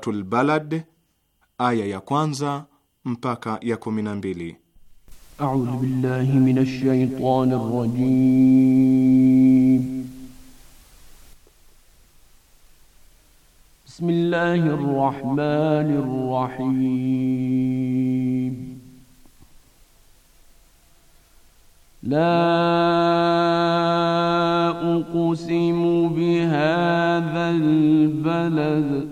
Suratul Balad aya ya kwanza mpaka ya kumi na mbili. A'udhu billahi minash shaitani rrajim. Bismillahir rahmanir rahim. La uqsimu bihadha albalad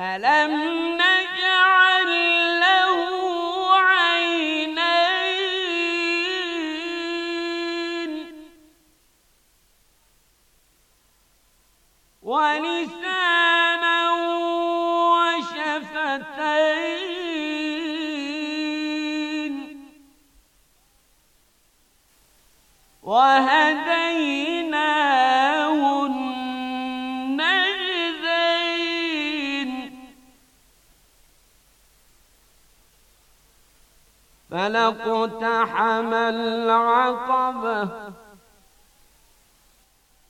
ألم عينين ولسانا وشفتين وهدى فلقتحم العقبة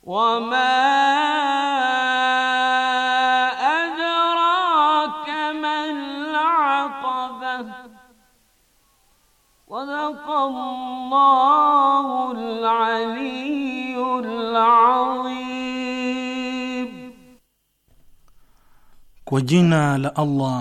وما أدراك ما العقبة صدق الله العلي العظيم kwa لألله la Allah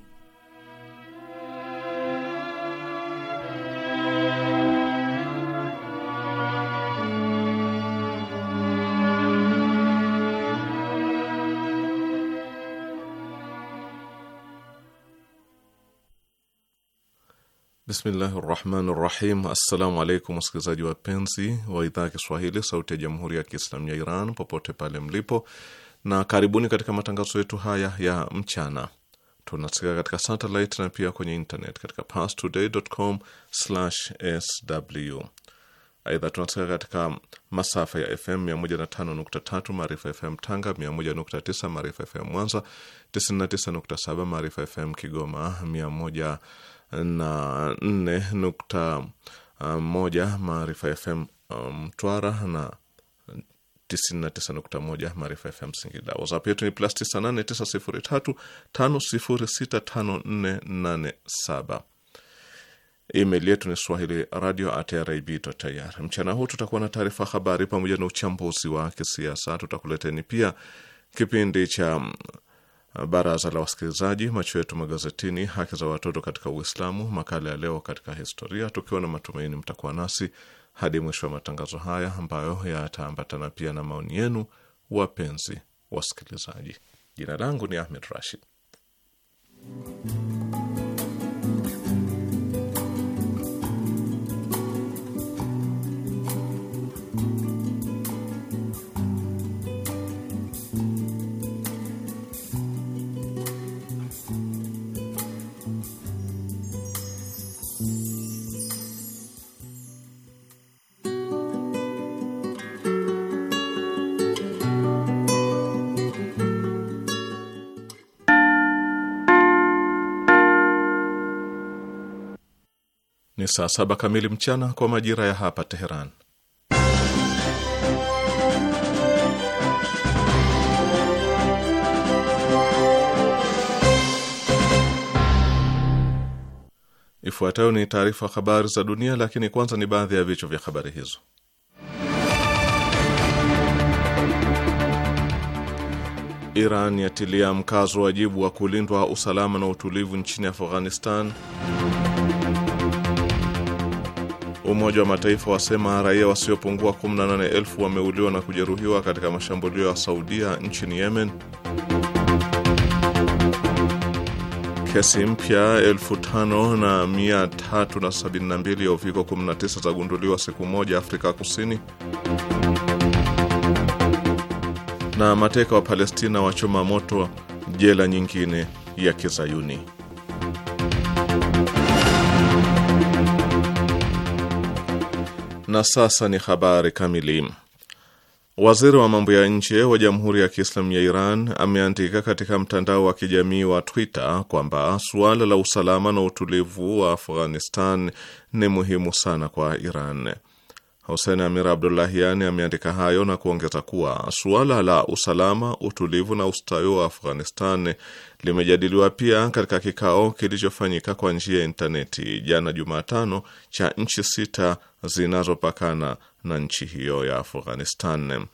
Bismillahi rahmani rahim. Assalamu alaikum wasikilizaji wapenzi wa idhaa ya Kiswahili sauti ya jamhuri ya Kiislamu ya Iran popote pale mlipo, na karibuni katika matangazo yetu haya ya mchana. Tunasikika katika satelit na pia kwenye internet katika pastodaycom sw Aidha, tunasikika katika masafa ya FM 105.3 Maarifa FM Tanga, 101.9 Maarifa FM Mwanza, 99.7 Maarifa FM Kigoma, 100 na nne nukta ah, moja Maarifa FM ah, Mtwara na 99.1 Maarifa FM Singida. WhatsApp yetu ni plus 989035065487. Email yetu ni swahili radio at rib.ir. Mchana huu tutakuwa na taarifa habari pamoja na uchambuzi wa kisiasa. Tutakuleteni pia kipindi cha baraza la wasikilizaji, macho yetu magazetini, haki za watoto katika Uislamu, makala ya leo katika historia, tukiwa na matumaini mtakuwa nasi hadi mwisho wa matangazo haya ambayo yataambatana pia na maoni yenu, wapenzi wasikilizaji. Jina langu ni Ahmed Rashid. saa saba kamili mchana kwa majira ya hapa Teheran. Ifuatayo ni taarifa habari za dunia, lakini kwanza ni baadhi ya vichwa vya habari hizo. Iran yatilia mkazo wajibu wa kulindwa usalama na utulivu nchini Afghanistan. Umoja wa Mataifa wasema raia wasiopungua 18,000 wameuliwa na kujeruhiwa katika mashambulio ya Saudia nchini Yemen. Kesi mpya 5372 ya uviko 19 zagunduliwa siku moja Afrika Kusini. Na mateka wa Palestina wachoma moto jela nyingine ya Kizayuni. Na sasa ni habari kamili. Waziri wa mambo ya nje wa Jamhuri ya Kiislamu ya Iran ameandika katika mtandao wa kijamii wa Twitter kwamba suala la usalama na utulivu wa Afghanistan ni muhimu sana kwa Iran. Hussein Amir Abdullahian ameandika hayo na kuongeza kuwa suala la usalama, utulivu na ustawi wa Afghanistan limejadiliwa pia katika kikao kilichofanyika kwa njia ya intaneti jana Jumatano cha nchi sita zinazopakana na nchi hiyo ya Afghanistan.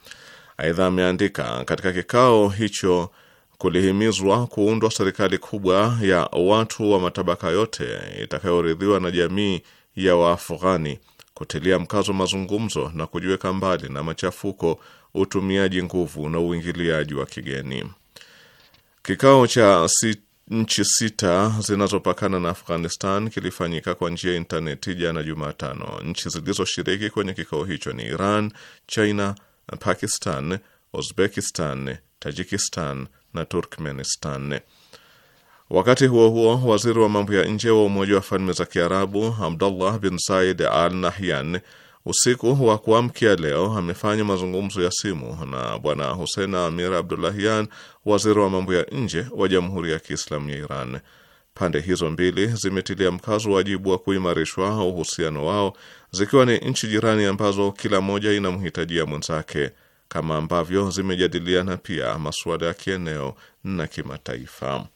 Aidha, ameandika katika kikao hicho kulihimizwa kuundwa serikali kubwa ya watu wa matabaka yote itakayoridhiwa na jamii ya Waafghani, kutilia mkazo mazungumzo na kujiweka mbali na machafuko, utumiaji nguvu na uingiliaji wa kigeni. Kikao cha si, nchi sita zinazopakana na Afghanistan kilifanyika kwa njia ya intaneti jana Jumatano. Nchi zilizoshiriki kwenye kikao hicho ni Iran, China, Pakistan, Uzbekistan, Tajikistan na Turkmenistan. Wakati huo huo, waziri wa mambo ya nje wa Umoja wa Falme za Kiarabu Abdullah bin Said Al Nahyan Usiku wa kuamkia leo amefanya mazungumzo ya simu na Bwana Hussein Amir Abdullahian, waziri wa mambo ya nje wa Jamhuri ya Kiislamu ya Iran. Pande hizo mbili zimetilia mkazo wajibu wa kuimarishwa uhusiano wao, zikiwa ni nchi jirani ambazo kila moja inamhitajia mwenzake, kama ambavyo zimejadiliana pia masuala ya kieneo na kimataifa.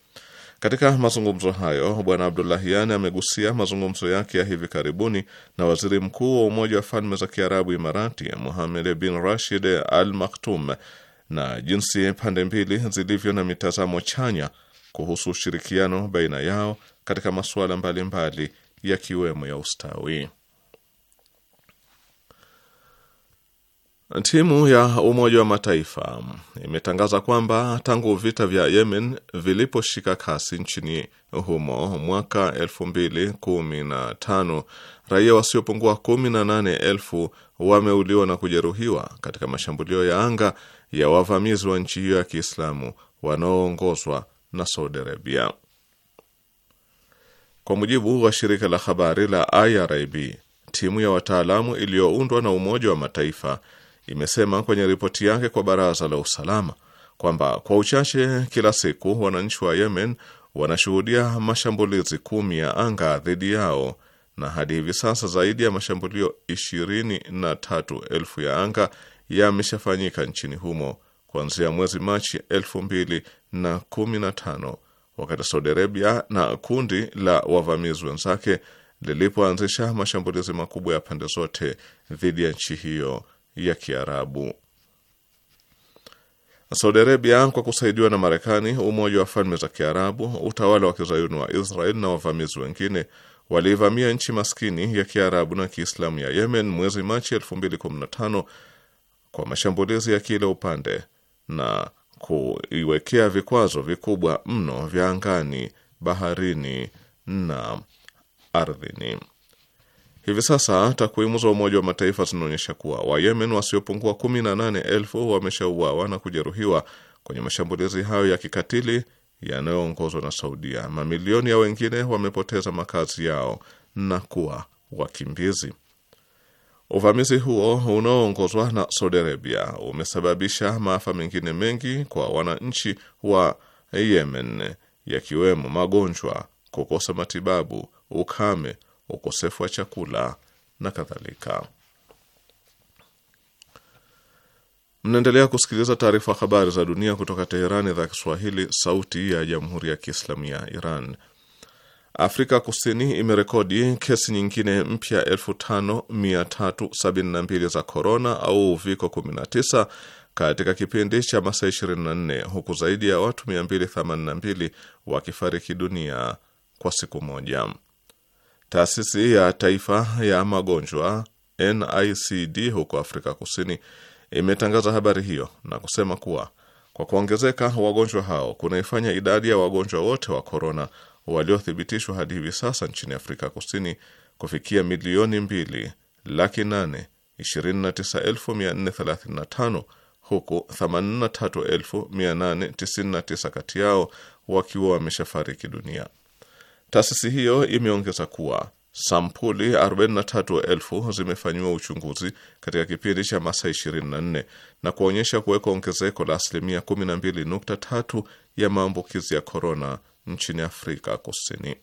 Katika mazungumzo hayo, Bwana Abdullahian amegusia mazungumzo yake ya hivi karibuni na waziri mkuu wa Umoja wa Falme za Kiarabu Imarati, muhamed bin Rashid Al Maktum na jinsi pande mbili zilivyo na mitazamo chanya kuhusu ushirikiano baina yao katika masuala mbalimbali yakiwemo ya ustawi. Timu ya Umoja wa Mataifa imetangaza kwamba tangu vita vya Yemen viliposhika kasi nchini humo mwaka 2015 raia wasiopungua 18,000 wameuliwa na kujeruhiwa katika mashambulio ya anga ya wavamizi wa nchi hiyo ya Kiislamu wanaoongozwa na Saudi Arabia. Kwa mujibu wa shirika la habari la IRIB, timu ya wataalamu iliyoundwa na Umoja wa Mataifa imesema kwenye ripoti yake kwa Baraza la Usalama kwamba kwa uchache kila siku wananchi wa Yemen wanashuhudia mashambulizi kumi ya anga dhidi yao na hadi hivi sasa zaidi ya mashambulio ishirini na tatu elfu ya anga yameshafanyika nchini humo kuanzia mwezi Machi elfu mbili na kumi na tano wakati Saudi Arabia na kundi la wavamizi wenzake lilipoanzisha mashambulizi makubwa ya pande zote dhidi ya nchi hiyo ya Kiarabu. Saudi Arabia kwa kusaidiwa na Marekani, Umoja wa Falme za Kiarabu, utawala wa kizayuni wa Israel na wavamizi wengine waliivamia nchi maskini ya Kiarabu na Kiislamu ya Yemen mwezi Machi 2015 kwa mashambulizi ya kila upande na kuiwekea vikwazo vikubwa mno vya angani, baharini na ardhini. Hivi sasa takwimu za Umoja wa Mataifa zinaonyesha kuwa Wayemen wasiopungua 18,000 wameshauawa na kujeruhiwa kwenye mashambulizi hayo ya kikatili yanayoongozwa na Saudia. Mamilioni ya wengine wamepoteza makazi yao na kuwa wakimbizi. Uvamizi huo unaoongozwa na Saudi Arabia umesababisha maafa mengine mengi kwa wananchi wa Yemen, yakiwemo magonjwa, kukosa matibabu, ukame ukosefu wa chakula na kadhalika. Mnaendelea kusikiliza taarifa habari za dunia kutoka Teherani, idhaa Kiswahili, sauti ya jamhuri ya kiislamu ya Iran. Afrika Kusini imerekodi kesi nyingine mpya 5372 za korona au uviko 19 katika kipindi cha masaa 24 huku zaidi ya watu 282 wakifariki dunia kwa siku moja. Taasisi ya Taifa ya Magonjwa NICD huko Afrika Kusini imetangaza habari hiyo na kusema kuwa kwa kuongezeka wagonjwa hao kunaifanya idadi ya wagonjwa wote wa korona waliothibitishwa hadi hivi sasa nchini Afrika Kusini kufikia milioni mbili laki nane ishirini na tisa elfu mia nne thelathini na tano huku themanini kati yao wakiwa wameshafariki dunia. Taasisi hiyo imeongeza kuwa sampuli 43,000 zimefanyiwa uchunguzi katika kipindi cha masaa 24 na kuonyesha kuweka ongezeko la asilimia 12.3 ya maambukizi ya korona nchini Afrika Kusini.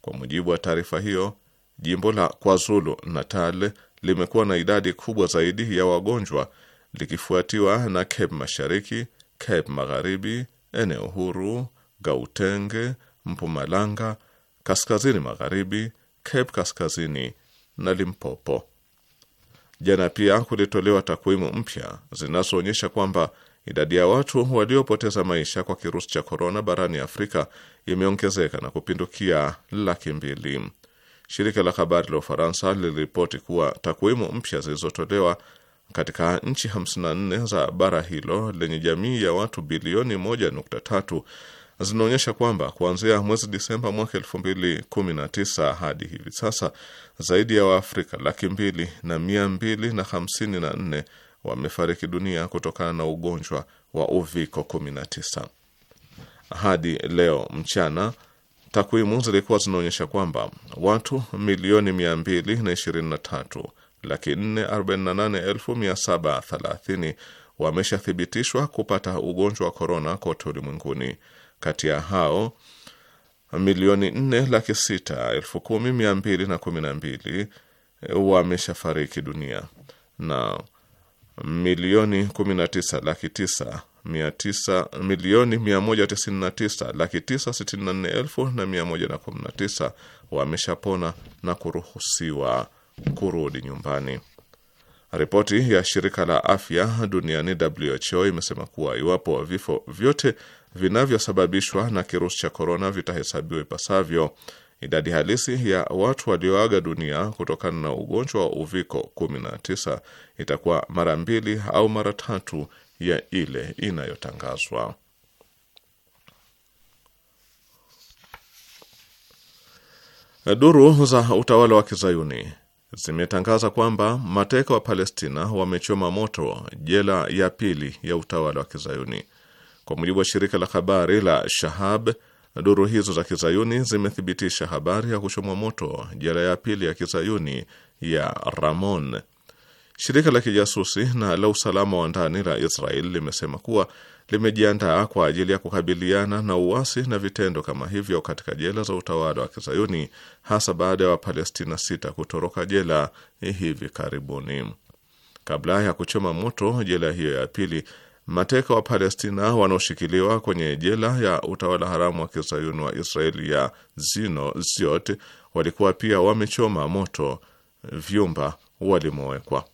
Kwa mujibu wa taarifa hiyo, jimbo la KwaZulu Natal limekuwa na idadi kubwa zaidi ya wagonjwa likifuatiwa na Cape Mashariki, Cape Magharibi, eneo huru, Gauteng, Mpumalanga kaskazini magharibi, Cape Kaskazini na Limpopo. Jana pia kulitolewa takwimu mpya zinazoonyesha kwamba idadi ya watu waliopoteza maisha kwa kirusi cha korona barani Afrika imeongezeka na kupindukia laki mbili. Shirika la habari la Ufaransa liliripoti kuwa takwimu mpya zilizotolewa katika nchi 54 za bara hilo lenye jamii ya watu bilioni 1.3 zinaonyesha kwamba kuanzia mwezi Disemba mwaka tisa hadi hivi sasa zaidi ya Waafrika laki mbili na mia mbili na hamsini na nne wamefariki dunia kutokana na ugonjwa wa uviko 19. Hadi leo mchana takwimu zilikuwa zinaonyesha kwamba watu milioni 223 laki 448,730 wameshathibitishwa kupata ugonjwa wa korona kote ulimwenguni kati ya hao milioni nne laki sita elfu kumi mia mbili na kumi na mbili e, wameshafariki dunia na milioni kumi na tisa laki tisa mia tisa milioni mia moja tisini na tisa laki tisa sitini na nne elfu na mia moja na kumi na tisa wameshapona na kuruhusiwa kurudi nyumbani. Ripoti ya shirika la afya duniani WHO imesema kuwa iwapo vifo vyote vinavyosababishwa na kirusi cha korona vitahesabiwa ipasavyo, idadi halisi ya watu walioaga dunia kutokana na ugonjwa wa uviko 19 itakuwa mara mbili au mara tatu ya ile inayotangazwa. Duru za utawala wa kizayuni zimetangaza kwamba mateka wa Palestina wamechoma moto jela ya pili ya utawala wa kizayuni. Kwa mujibu wa shirika la habari la Shahab, duru hizo za kizayuni zimethibitisha habari ya kuchomwa moto jela ya pili ya kizayuni ya Ramon. Shirika la kijasusi na la usalama wa ndani la Israel limesema kuwa limejiandaa kwa ajili ya kukabiliana na uasi na vitendo kama hivyo katika jela za utawala wa kizayuni, hasa baada ya Wapalestina sita kutoroka jela hivi karibuni. Kabla ya kuchoma moto jela hiyo ya pili Mateka wa Palestina wanaoshikiliwa kwenye jela ya utawala haramu wa kizayuni wa Israeli ya Zino Ziot walikuwa pia wamechoma moto vyumba walimowekwa.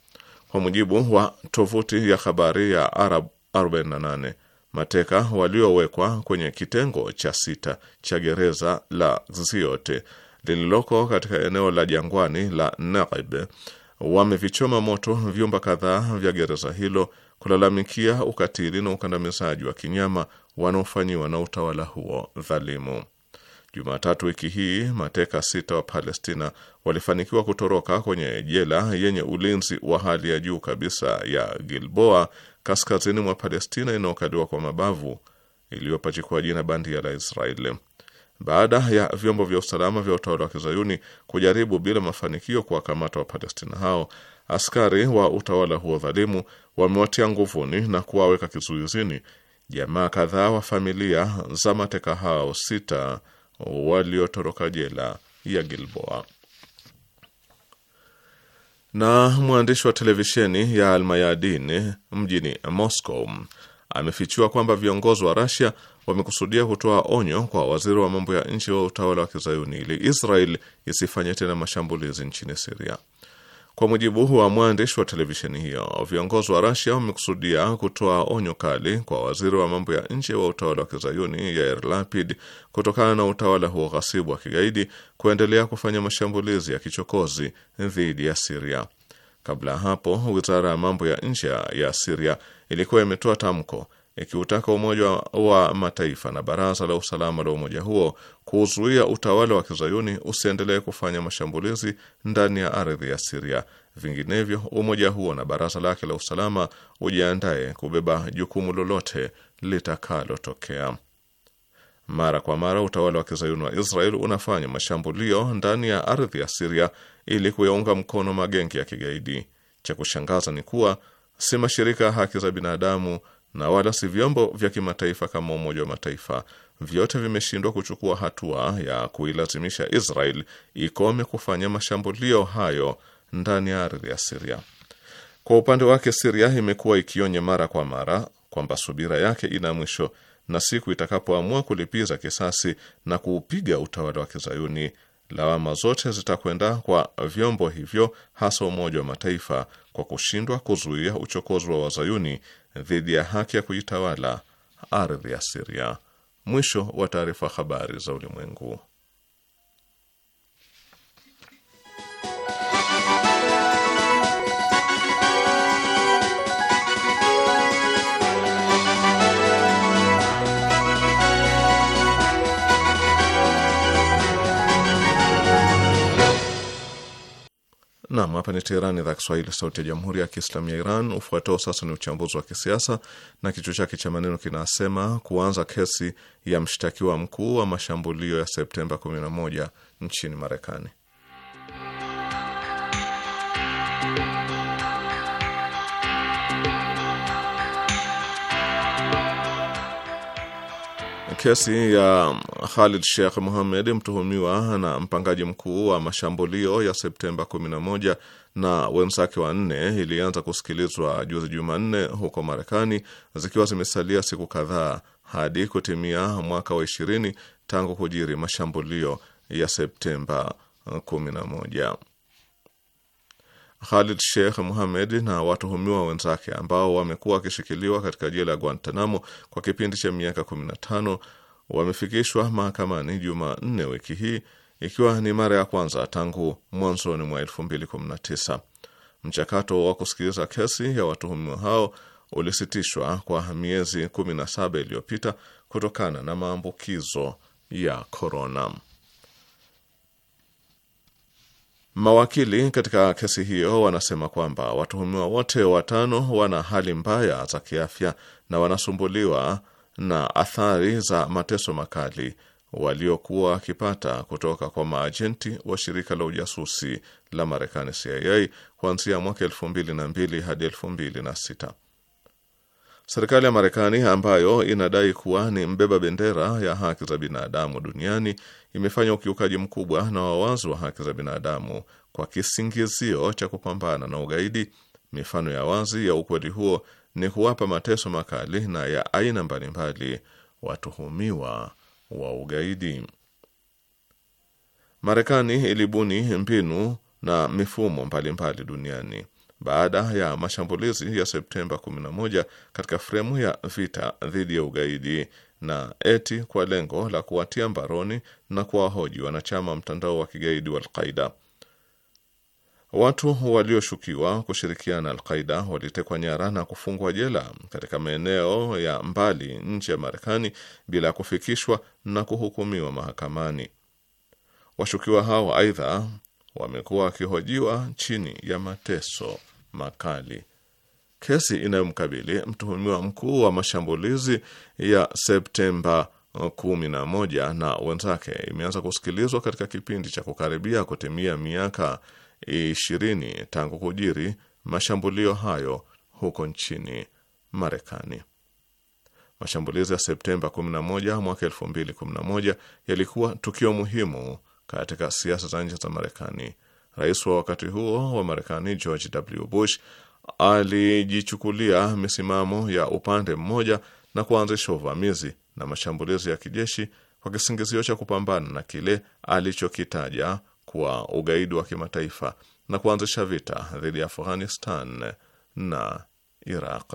Kwa mujibu wa tovuti ya habari ya Arab 48, mateka waliowekwa kwenye kitengo cha sita cha gereza la Ziot lililoko katika eneo la jangwani la Negev wamevichoma moto vyumba kadhaa vya gereza hilo kulalamikia ukatili na ukandamizaji wa kinyama wanaofanyiwa na utawala huo dhalimu. Jumatatu wiki hii mateka sita wa Palestina walifanikiwa kutoroka kwenye jela yenye ulinzi wa hali ya juu kabisa ya Gilboa kaskazini mwa Palestina inayokaliwa kwa mabavu iliyopachikwa jina bandia la Israeli baada ya vyombo vya usalama vya utawala wa kizayuni kujaribu bila mafanikio kuwakamata Wapalestina hao, askari wa utawala huo dhalimu wamewatia nguvuni na kuwaweka kizuizini jamaa kadhaa wa familia za mateka hao sita waliotoroka jela ya Gilboa. Na mwandishi wa televisheni ya Almayadin mjini Moscow amefichua kwamba viongozi wa Rasia wamekusudia kutoa onyo kwa waziri wa mambo ya nje wa utawala wa kizayuni ili Israel isifanye tena mashambulizi nchini Siria. Kwa mujibu wa mwandishi wa televisheni hiyo, viongozi wa Rasia wamekusudia kutoa onyo kali kwa waziri wa mambo ya nje wa utawala wa kizayuni Yair Lapid kutokana na utawala huo ghasibu wa kigaidi kuendelea kufanya mashambulizi ya kichokozi dhidi ya Siria. Kabla ya hapo, wizara ya mambo ya nje ya Siria ilikuwa imetoa tamko ikiutaka Umoja wa Mataifa na Baraza la Usalama la umoja huo kuzuia utawala wa kizayuni usiendelee kufanya mashambulizi ndani ya ardhi ya Siria, vinginevyo umoja huo na baraza lake la usalama ujiandaye kubeba jukumu lolote litakalotokea. Mara kwa mara utawala wa kizayuni wa Israel unafanya mashambulio ndani ya ardhi ya Siria ili kuyaunga mkono magengi ya kigaidi. Cha kushangaza ni kuwa si mashirika ya haki za binadamu na wala si vyombo vya kimataifa kama Umoja wa Mataifa, vyote vimeshindwa kuchukua hatua ya kuilazimisha Israel ikome kufanya mashambulio hayo ndani ya ardhi ya Siria. Kwa upande wake, Siria imekuwa ikionye mara kwa mara kwamba subira yake ina mwisho na siku itakapoamua kulipiza kisasi na kuupiga utawala wa kizayuni Lawama zote zitakwenda kwa vyombo hivyo, hasa Umoja wa Mataifa, kwa kushindwa kuzuia uchokozi wa wazayuni dhidi ya haki ya kujitawala ardhi ya Siria. Mwisho wa taarifa. Habari za Ulimwengu. Nam, hapa ni Teherani, idhaa Kiswahili, sauti ya jamhuri ya kiislamu ya Iran. Ufuatao sasa ni uchambuzi wa kisiasa na kichwa chake cha maneno kinasema kuanza kesi ya mshtakiwa mkuu wa mashambulio ya Septemba 11 nchini Marekani. Kesi ya um, Khalid Sheikh Mohamed, mtuhumiwa na mpangaji mkuu wa mashambulio ya Septemba 11 na wenzake wanne, ilianza kusikilizwa juzi Jumanne huko Marekani, zikiwa zimesalia siku kadhaa hadi kutimia mwaka wa ishirini tangu kujiri mashambulio ya Septemba 11. Khalid Sheikh Mohamed na watuhumiwa wenzake ambao wamekuwa wakishikiliwa katika jela ya Guantanamo kwa kipindi cha miaka 15 wamefikishwa mahakamani Jumanne wiki hii ikiwa ni mara ya kwanza tangu mwanzoni mwa 2019. Mchakato wa kusikiliza kesi ya watuhumiwa hao ulisitishwa kwa miezi 17 iliyopita kutokana na maambukizo ya korona. Mawakili katika kesi hiyo wanasema kwamba watuhumiwa wote watano wana hali mbaya za kiafya na wanasumbuliwa na athari za mateso makali waliokuwa wakipata kutoka kwa maajenti wa shirika la ujasusi la Marekani CIA kuanzia mwaka elfu mbili na mbili hadi elfu mbili na sita. Serikali ya Marekani ambayo inadai kuwa ni mbeba bendera ya haki za binadamu duniani imefanya ukiukaji mkubwa na wawazi wa haki za binadamu kwa kisingizio cha kupambana na ugaidi. Mifano ya wazi ya ukweli huo ni kuwapa mateso makali na ya aina mbalimbali watuhumiwa wa ugaidi. Marekani ilibuni mbinu na mifumo mbalimbali duniani baada ya mashambulizi ya Septemba 11 katika fremu ya vita dhidi ya ugaidi na eti kwa lengo la kuwatia mbaroni na kuwahoji wanachama mtandao wa kigaidi wa Alqaida. Watu walioshukiwa kushirikiana na Alqaida walitekwa nyara na kufungwa jela katika maeneo ya mbali nje ya Marekani bila kufikishwa na kuhukumiwa mahakamani. Washukiwa hao aidha wamekuwa wakihojiwa chini ya mateso makali. Kesi inayomkabili mtuhumiwa mkuu wa mashambulizi ya Septemba 11 na wenzake imeanza kusikilizwa katika kipindi cha kukaribia kutimia miaka 20 tangu kujiri mashambulio hayo huko nchini Marekani. Mashambulizi ya Septemba 11 mwaka 2011 yalikuwa tukio muhimu katika siasa za nje za Marekani Rais wa wakati huo wa Marekani George W. Bush alijichukulia misimamo ya upande mmoja na kuanzisha uvamizi na mashambulizi ya kijeshi kwa kisingizio cha kupambana na kile alichokitaja kuwa ugaidi wa kimataifa na kuanzisha vita dhidi ya Afghanistan na Iraq.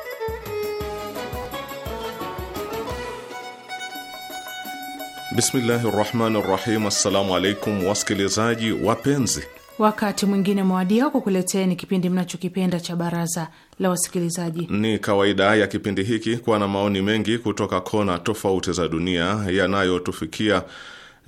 Bismillahi rahmani rahim. Assalamu alaikum wasikilizaji wapenzi, wakati mwingine mwadia kukuleteni kipindi mnachokipenda cha baraza la wasikilizaji. Ni kawaida ya kipindi hiki kuwa na maoni mengi kutoka kona tofauti za dunia yanayotufikia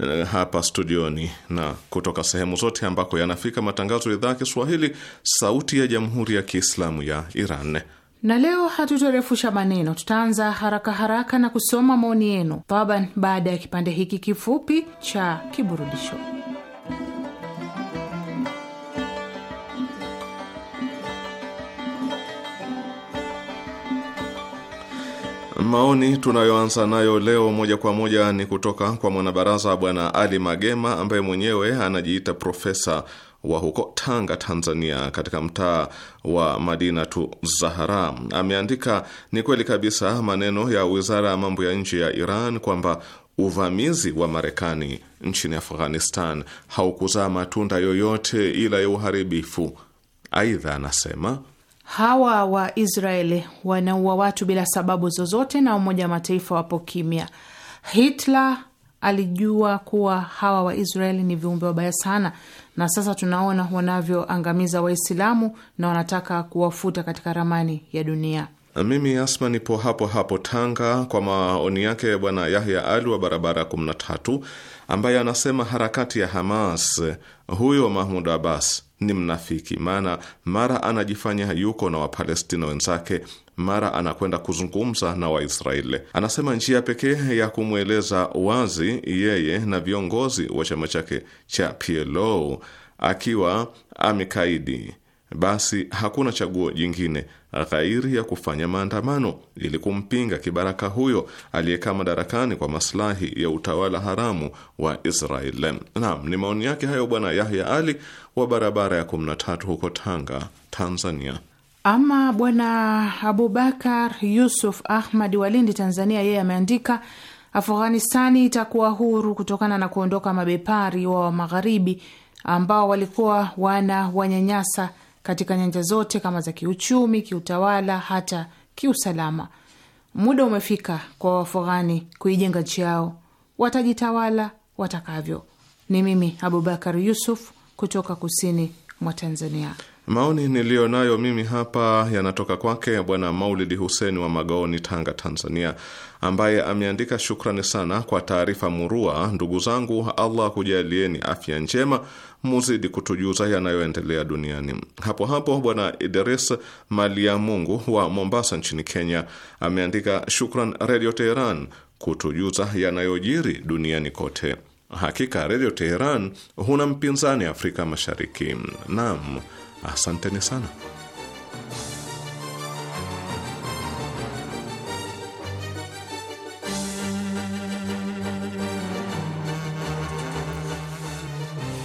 eh, hapa studioni na kutoka sehemu zote ambako yanafika matangazo ya idhaa ya Kiswahili, sauti ya jamhuri ya kiislamu ya Iran na leo hatutorefusha maneno, tutaanza haraka haraka na kusoma maoni yenu thaban, baada ya kipande hiki kifupi cha kiburudisho. Maoni tunayoanza nayo leo moja kwa moja ni kutoka kwa mwanabaraza Bwana Ali Magema ambaye mwenyewe anajiita profesa wa huko Tanga, Tanzania, katika mtaa wa Madinatu Zahara ameandika, ni kweli kabisa maneno ya wizara ya mambo ya nje ya Iran kwamba uvamizi wa Marekani nchini Afghanistan haukuzaa matunda yoyote ila ya uharibifu. Aidha anasema hawa wa Israeli wanaua watu bila sababu zozote na Umoja wa Mataifa wapo kimya. Hitler alijua kuwa hawa Waisraeli ni viumbe wabaya sana, na sasa tunaona wanavyoangamiza Waislamu na wanataka kuwafuta katika ramani ya dunia. Mimi Asma nipo hapo hapo Tanga. Kwa maoni yake Bwana Yahya Ali wa barabara 13 ambaye anasema harakati ya Hamas, huyo Mahmud Abbas ni mnafiki, maana mara anajifanya yuko na Wapalestina wenzake, mara anakwenda kuzungumza na Waisraeli. Anasema njia pekee ya kumweleza wazi yeye na viongozi wa chama chake cha PLO akiwa amekaidi basi hakuna chaguo jingine ghairi ya kufanya maandamano ili kumpinga kibaraka huyo aliyekaa madarakani kwa maslahi ya utawala haramu wa Israel. Naam, ni maoni yake hayo Bwana Yahya Ali wa barabara ya tatu huko Tanga, Tanzania. Ama Bwana Abubakar Yusuf Ahmad wa Lindi, Tanzania, yeye ameandika Afghanistani itakuwa huru kutokana na kuondoka mabepari wa, wa magharibi ambao walikuwa wana wanyanyasa katika nyanja zote kama za kiuchumi, kiutawala, hata kiusalama. Muda umefika kwa Waafghani kuijenga nchi yao, watajitawala watakavyo. Ni mimi Abubakar Yusuf kutoka kusini mwa Tanzania. Maoni niliyo nayo mimi hapa yanatoka kwake Bwana Maulidi Huseni wa Magaoni, Tanga, Tanzania, ambaye ameandika shukrani sana kwa taarifa murua. Ndugu zangu, Allah kujalieni afya njema muzidi kutujuza yanayoendelea duniani. Hapo hapo Bwana Idris Mali ya Mungu wa Mombasa nchini Kenya ameandika shukran Redio Teheran kutujuza yanayojiri duniani kote. Hakika Redio Teheran huna mpinzani Afrika Mashariki. Naam, asanteni sana.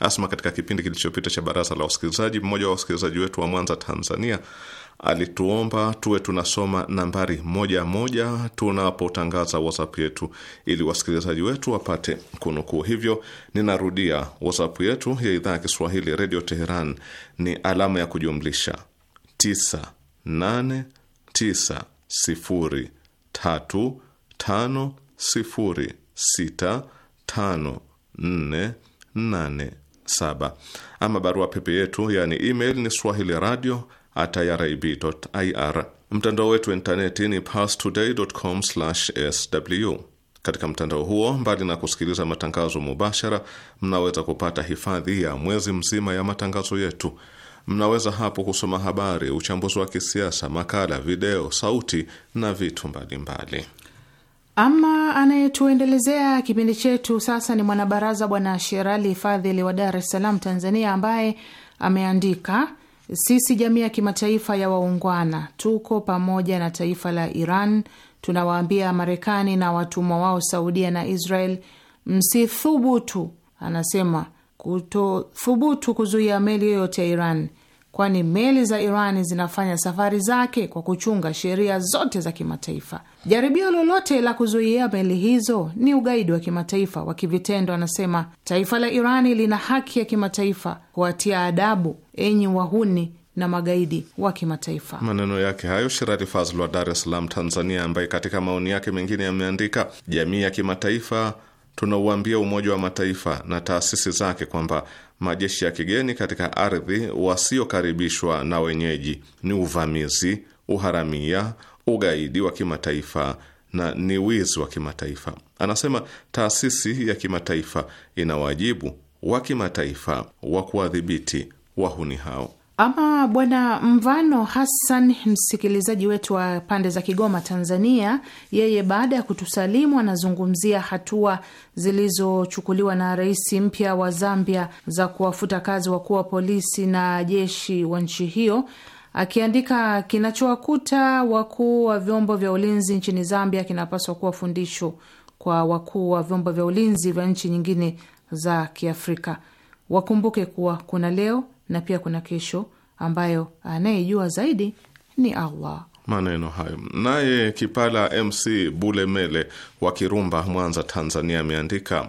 Asma, katika kipindi kilichopita cha baraza la wasikilizaji, mmoja wa wasikilizaji wetu wa Mwanza, Tanzania, alituomba tuwe tunasoma nambari moja moja tunapotangaza WhatsApp yetu ili wasikilizaji wetu wapate kunukuu. Hivyo ninarudia, WhatsApp yetu ya idhaa ya Kiswahili Redio Teheran ni alama ya kujumlisha 9890350654 saba. Ama barua pepe yetu yaani email ni swahili radio at irib.ir. Mtandao wetu wa intaneti ni com sw Katika mtandao huo, mbali na kusikiliza matangazo mubashara, mnaweza kupata hifadhi ya mwezi mzima ya matangazo yetu. Mnaweza hapo kusoma habari, uchambuzi wa kisiasa, makala, video, sauti na vitu mbalimbali mbali. Ama anayetuendelezea kipindi chetu sasa ni mwanabaraza Bwana Sherali Fadhili wa Dar es Salaam, Tanzania, ambaye ameandika sisi jamii ya kimataifa ya waungwana tuko pamoja na taifa la Iran. Tunawaambia Marekani na watumwa wao Saudia na Israel, msithubutu, anasema kutothubutu kuzuia meli yoyote ya Iran kwani meli za Irani zinafanya safari zake kwa kuchunga sheria zote za kimataifa. Jaribio lolote la kuzuia meli hizo ni ugaidi wa kimataifa wa kivitendo, anasema. Taifa la Irani lina haki ya kimataifa kuwatia adabu enyi wahuni na magaidi wa kimataifa. Maneno yake hayo Shirari Fazl wa Dar es Salaam, Tanzania, ambaye katika maoni yake mengine yameandika, jamii ya kimataifa tunauambia Umoja wa Mataifa na taasisi zake kwamba majeshi ya kigeni katika ardhi wasiokaribishwa na wenyeji ni uvamizi, uharamia, ugaidi wa kimataifa na ni wizi wa kimataifa. Anasema taasisi ya kimataifa ina wajibu wa kimataifa wa kuwadhibiti wahuni hao. Ama bwana Mvano Hassan, msikilizaji wetu wa pande za Kigoma, Tanzania, yeye baada ya kutusalimu anazungumzia hatua zilizochukuliwa na rais mpya wa Zambia za kuwafuta kazi wakuu wa polisi na jeshi wa nchi hiyo, akiandika, kinachowakuta wakuu wa vyombo vya ulinzi nchini Zambia kinapaswa kuwa fundisho kwa wakuu wa vyombo vya ulinzi vya nchi nyingine za Kiafrika. Wakumbuke kuwa kuna leo na pia kuna kesho ambayo anayejua zaidi ni Allah. Maneno hayo naye Kipala MC Bulemele wa Kirumba, Mwanza, Tanzania, ameandika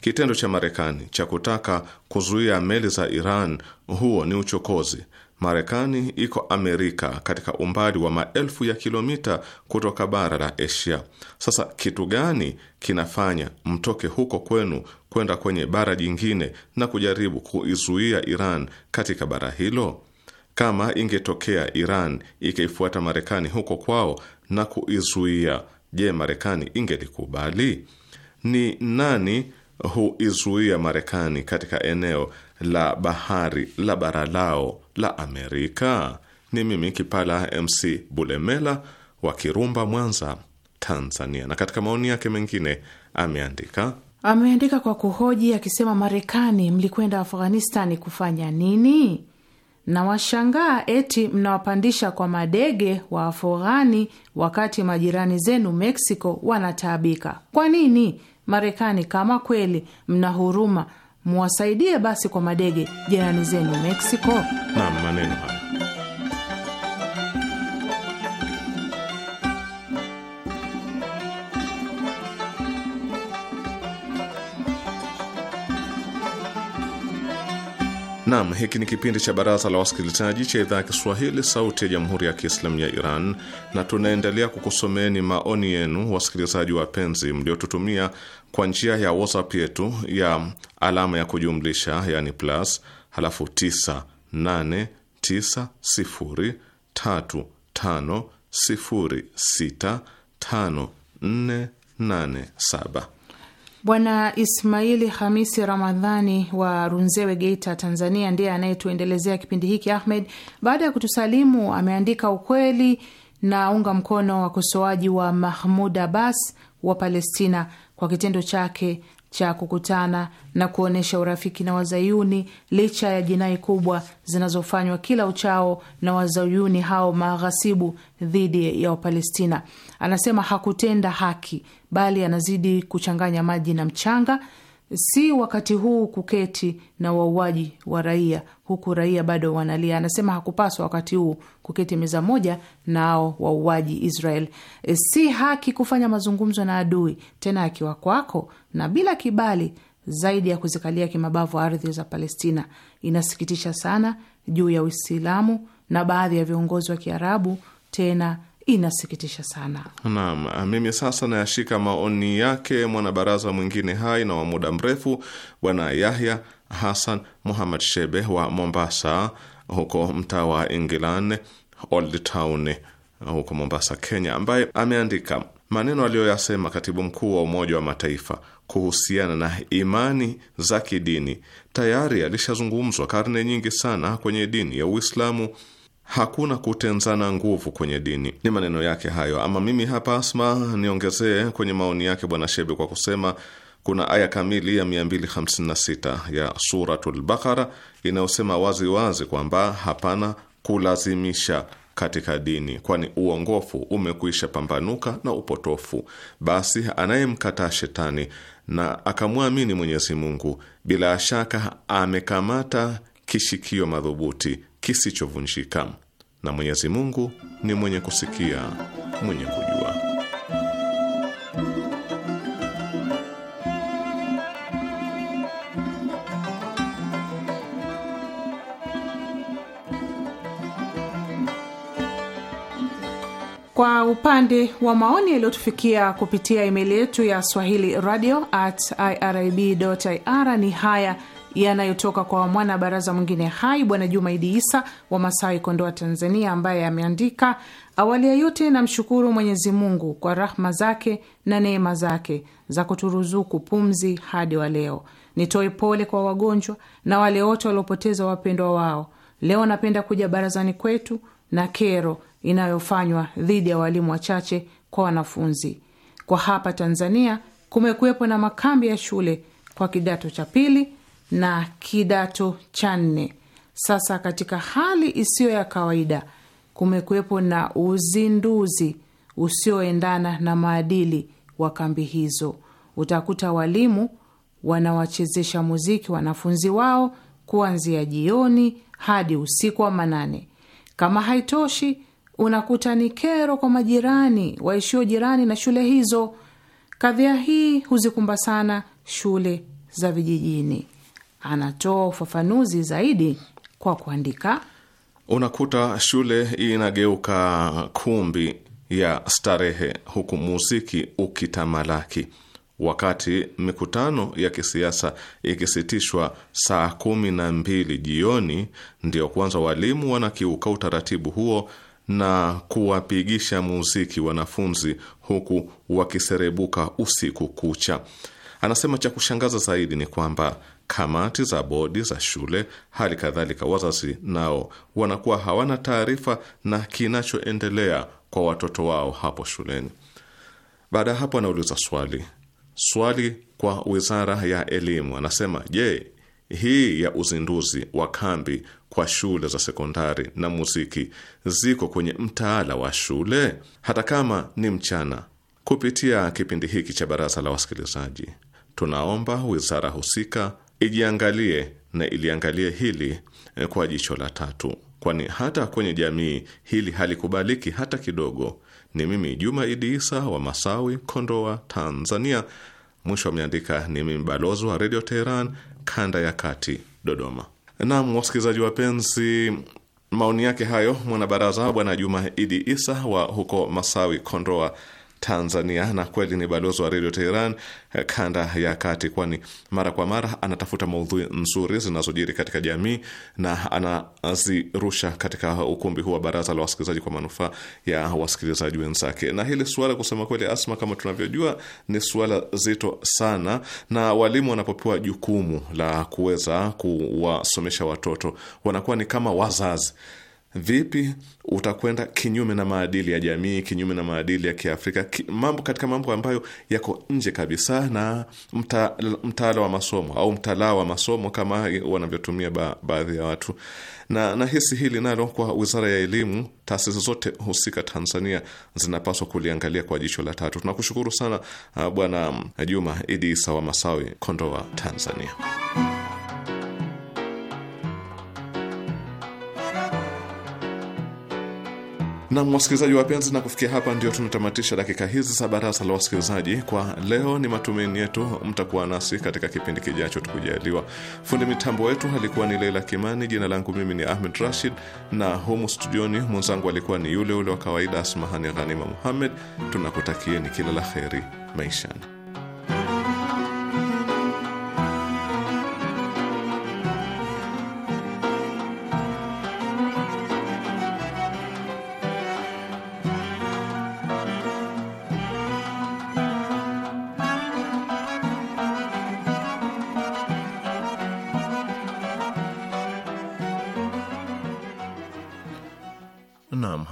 kitendo cha Marekani cha kutaka kuzuia meli za Iran, huo ni uchokozi. Marekani iko Amerika katika umbali wa maelfu ya kilomita kutoka bara la Asia. Sasa kitu gani kinafanya mtoke huko kwenu kwenda kwenye bara jingine na kujaribu kuizuia Iran katika bara hilo? Kama ingetokea Iran ikaifuata Marekani huko kwao na kuizuia, je, Marekani ingelikubali? Ni nani huizuia Marekani katika eneo la bahari la bara lao la Amerika? Ni mimi Kipala MC Bulemela wa Kirumba, Mwanza, Tanzania. Na katika maoni yake mengine ameandika ameandika kwa kuhoji akisema, Marekani mlikwenda Afghanistani kufanya nini? na washangaa eti mnawapandisha kwa madege wa Afghani wakati majirani zenu Meksiko wanataabika. Kwa nini Marekani, kama kweli mna huruma, mwasaidie basi kwa madege jirani zenu Meksiko. Naam, maneno haya Naam, hiki ni kipindi cha Baraza la Wasikilizaji cha idhaa ya Kiswahili, Sauti ya Jamhuri ya Kiislamu ya Iran, na tunaendelea kukusomeeni maoni yenu, wasikilizaji wapenzi, mliotutumia kwa njia ya WhatsApp yetu ya alama ya kujumlisha, yani plus halafu 989035065487. Bwana Ismaili Hamisi Ramadhani wa Runzewe, Geita, Tanzania, ndiye anayetuendelezea kipindi hiki. Ahmed, baada ya kutusalimu, ameandika ukweli na unga mkono wakosoaji wa Mahmud Abbas wa Palestina kwa kitendo chake cha kukutana na kuonyesha urafiki na Wazayuni licha ya jinai kubwa zinazofanywa kila uchao na Wazayuni hao maghasibu dhidi ya Wapalestina. Anasema hakutenda haki, bali anazidi kuchanganya maji na mchanga. Si wakati huu kuketi na wauaji wa raia, huku raia bado wanalia. Anasema hakupaswa wakati huu kuketi meza moja nao wauaji Israel. Si haki kufanya mazungumzo na adui, tena akiwa kwako na bila kibali, zaidi ya kuzikalia kimabavu ardhi za Palestina. Inasikitisha sana juu ya Uislamu na baadhi ya viongozi wa Kiarabu, tena inasikitisha sana. Naam, ah, mimi sasa nayashika maoni yake mwanabaraza mwingine hai na wa muda mrefu, Bwana Yahya Hasan Muhammad Shebe wa Mombasa, huko mtaa wa England Old Town huko Mombasa, Kenya, ambaye ameandika maneno aliyoyasema katibu mkuu wa Umoja wa Mataifa kuhusiana na imani za kidini tayari alishazungumzwa karne nyingi sana kwenye dini ya Uislamu hakuna kutenzana nguvu kwenye dini. Ni maneno yake hayo. Ama mimi hapa Asma niongezee kwenye maoni yake Bwana Shebe kwa kusema kuna aya kamili ya 256 ya Suratul inayosema wazi wazi kwamba hapana kulazimisha katika dini, kwani uongofu umekwisha pambanuka na upotofu. Basi anayemkataa shetani na akamwamini Mwenyezi Mungu, bila shaka amekamata kishikio madhubuti kisichovunjika, na Mwenyezi Mungu ni mwenye kusikia, mwenye kujua. Kwa upande wa maoni yaliyotufikia kupitia email yetu ya swahili radio at irib.ir ni haya yanayotoka kwa mwana baraza mwingine hai Bwana Juma Idi Isa wa Masawi, Kondoa, Tanzania, ambaye ameandika: awali ya yote namshukuru Mwenyezi Mungu kwa rahma zake na neema zake za kuturuzuku pumzi hadi wa leo. Nitoe pole kwa wagonjwa na wale wote waliopoteza wapendwa wao. Leo napenda kuja barazani kwetu na kero inayofanywa dhidi ya walimu wachache kwa wanafunzi. Kwa hapa Tanzania kumekuwepo na makambi ya shule kwa kidato cha pili na kidato cha nne. Sasa katika hali isiyo ya kawaida, kumekuwepo na uzinduzi usioendana na maadili wa kambi hizo. Utakuta walimu wanawachezesha muziki wanafunzi wao kuanzia jioni hadi usiku wa manane. Kama haitoshi, unakuta ni kero kwa majirani waishio jirani na shule hizo. Kadhia hii huzikumba sana shule za vijijini anatoa ufafanuzi zaidi kwa kuandika, unakuta shule inageuka kumbi ya starehe, huku muziki ukitamalaki, wakati mikutano ya kisiasa ikisitishwa saa kumi na mbili jioni, ndio kwanza walimu wanakiuka utaratibu huo na kuwapigisha muziki wanafunzi huku wakiserebuka usiku kucha. Anasema cha kushangaza zaidi ni kwamba kamati za bodi za shule, hali kadhalika wazazi nao wanakuwa hawana taarifa na kinachoendelea kwa watoto wao hapo shuleni. Baada ya hapo, anauliza swali swali kwa wizara ya elimu, anasema: Je, hii ya uzinduzi wa kambi kwa shule za sekondari na muziki ziko kwenye mtaala wa shule, hata kama ni mchana? Kupitia kipindi hiki cha Baraza la Wasikilizaji, tunaomba wizara husika ijiangalie na iliangalie hili eh, kwa jicho la tatu, kwani hata kwenye jamii hili halikubaliki hata kidogo. Ni mimi Juma Idi Isa wa Masawi, Kondoa, Tanzania. Mwisho ameandika ni mimi balozi wa Redio Teheran kanda ya kati, Dodoma. Naam, wasikilizaji wapenzi, maoni yake hayo mwanabaraza bwana Juma Idi Isa wa huko Masawi, Kondoa Tanzania, na kweli ni balozi wa redio Teheran eh, kanda ya kati, kwani mara kwa mara anatafuta maudhui nzuri zinazojiri katika jamii na anazirusha katika ukumbi huu wa baraza la wasikilizaji kwa manufaa ya wasikilizaji wenzake. Na hili suala kusema kweli, Asma, kama tunavyojua, ni suala zito sana, na walimu wanapopewa jukumu la kuweza kuwasomesha watoto wanakuwa ni kama wazazi vipi utakwenda kinyume na maadili ya jamii, kinyume na maadili ya Kiafrika, mambo katika mambo ambayo yako nje kabisa na mta, mtaala wa masomo au mtalaa wa masomo kama wanavyotumia ba, baadhi ya watu, na nahisi hili nalo kwa Wizara ya Elimu, taasisi zote husika Tanzania zinapaswa kuliangalia kwa jicho la tatu. Tunakushukuru sana ah, Bwana Juma Idi Isa wa Masawi, Kondoa, Tanzania. na wasikilizaji wapenzi, na kufikia hapa ndio tunatamatisha dakika hizi za baraza la wasikilizaji kwa leo. Ni matumaini yetu mtakuwa nasi katika kipindi kijacho, tukujaliwa. Fundi mitambo wetu alikuwa ni Leila Kimani, jina langu mimi ni Ahmed Rashid, na humu studioni mwenzangu alikuwa ni yule ule wa kawaida Asmahani Ghanima Muhammed. Tunakutakieni kila la kheri maishani.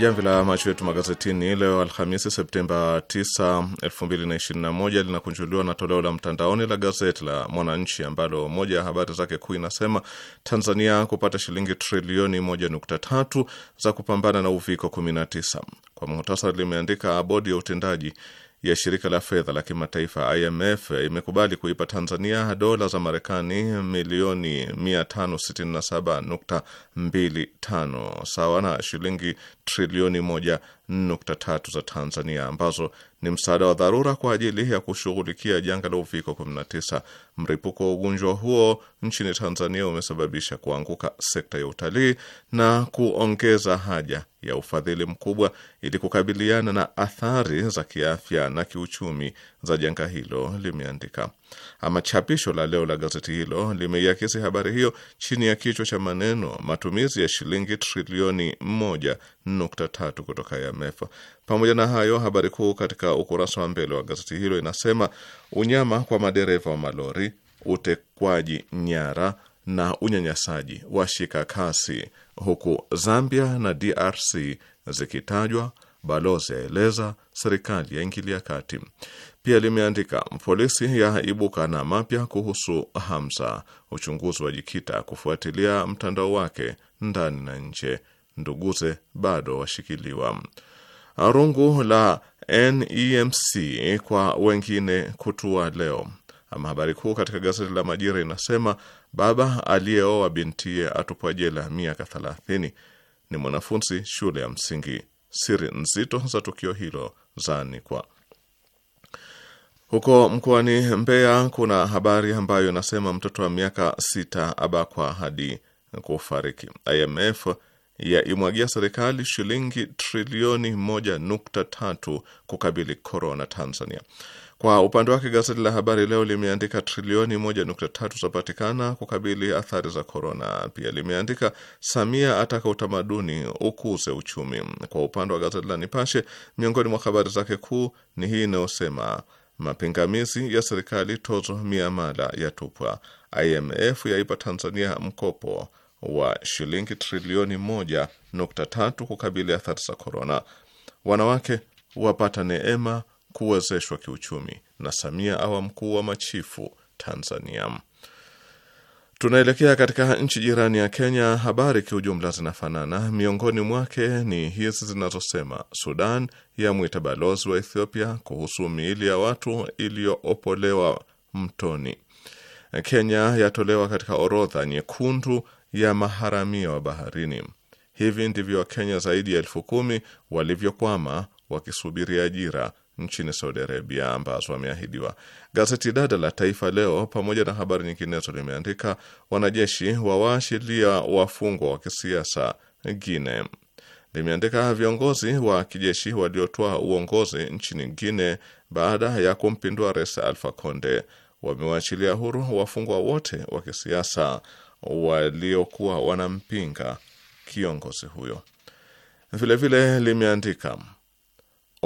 jamvi la macho yetu magazetini leo Alhamisi, Septemba 9, 2021 linakunjuliwa na toleo la mtandaoni la gazeti la Mwananchi ambalo moja ya habari zake kuu inasema Tanzania kupata shilingi trilioni 1.3 za kupambana na uviko 19. Kwa muhtasari, limeandika bodi ya utendaji ya shirika la fedha la kimataifa IMF imekubali kuipa Tanzania dola za Marekani milioni 567.25 sawa na shilingi trilioni 1.3 za Tanzania ambazo ni msaada wa dharura kwa ajili ya kushughulikia janga la uviko 19. Mripuko wa ugonjwa huo nchini Tanzania umesababisha kuanguka sekta ya utalii na kuongeza haja ya ufadhili mkubwa ili kukabiliana na athari za kiafya na kiuchumi za janga hilo limeandika. Ama chapisho la leo la gazeti hilo limeiakisi habari hiyo chini ya kichwa cha maneno matumizi ya shilingi trilioni moja nukta tatu kutoka IMF. Pamoja na hayo, habari kuu katika ukurasa wa mbele wa gazeti hilo inasema unyama kwa madereva wa malori, utekwaji nyara na unyanyasaji washika kasi, huku Zambia na DRC zikitajwa, balozi aeleza serikali yaingilia kati. Pia limeandika polisi ya ibuka na mapya kuhusu Hamza, uchunguzi wa jikita kufuatilia mtandao wake ndani na nje, nduguze bado washikiliwa, rungu la NEMC kwa wengine kutua leo. Ama habari kuu katika gazeti la Majira inasema baba aliyeoa bintiye atupwa jela miaka thelathini. Ni mwanafunzi shule ya msingi. Siri nzito za tukio hilo zaanikwa huko mkoani Mbeya kuna habari ambayo inasema mtoto wa miaka sita abakwa hadi kufariki. IMF yaimwagia serikali shilingi trilioni moja nukta tatu kukabili korona Tanzania. Kwa upande wake gazeti la Habari Leo limeandika trilioni moja nukta tatu zapatikana kukabili athari za korona. Pia limeandika Samia ataka utamaduni ukuze uchumi. Kwa upande wa gazeti la Nipashe, miongoni mwa habari zake kuu ni hii inayosema Mapingamizi ya serikali tozo miamala yatupwa. IMF yaipa Tanzania mkopo wa shilingi trilioni moja nukta tatu kukabili athari za korona. Wanawake wapata neema kuwezeshwa kiuchumi. Na Samia awa mkuu wa machifu Tanzania. Tunaelekea katika nchi jirani ya Kenya. Habari kiujumla zinafanana, miongoni mwake ni hizi zinazosema Sudan yamwita balozi wa Ethiopia kuhusu miili ya watu iliyoopolewa mtoni. Kenya yatolewa katika orodha nyekundu ya maharamia wa baharini. Hivi ndivyo Wakenya zaidi ya elfu kumi walivyokwama wakisubiri ajira nchini Saudi Arabia ambazo wameahidiwa. Gazeti dada la Taifa Leo pamoja na habari nyinginezo limeandika wanajeshi wawaachilia wafungwa wa kisiasa Guine. Limeandika viongozi wa kijeshi waliotoa uongozi nchini Guine baada ya kumpindua Rais Alfa Conde wamewaachilia huru wafungwa wote wa kisiasa waliokuwa wanampinga kiongozi huyo. Vilevile limeandika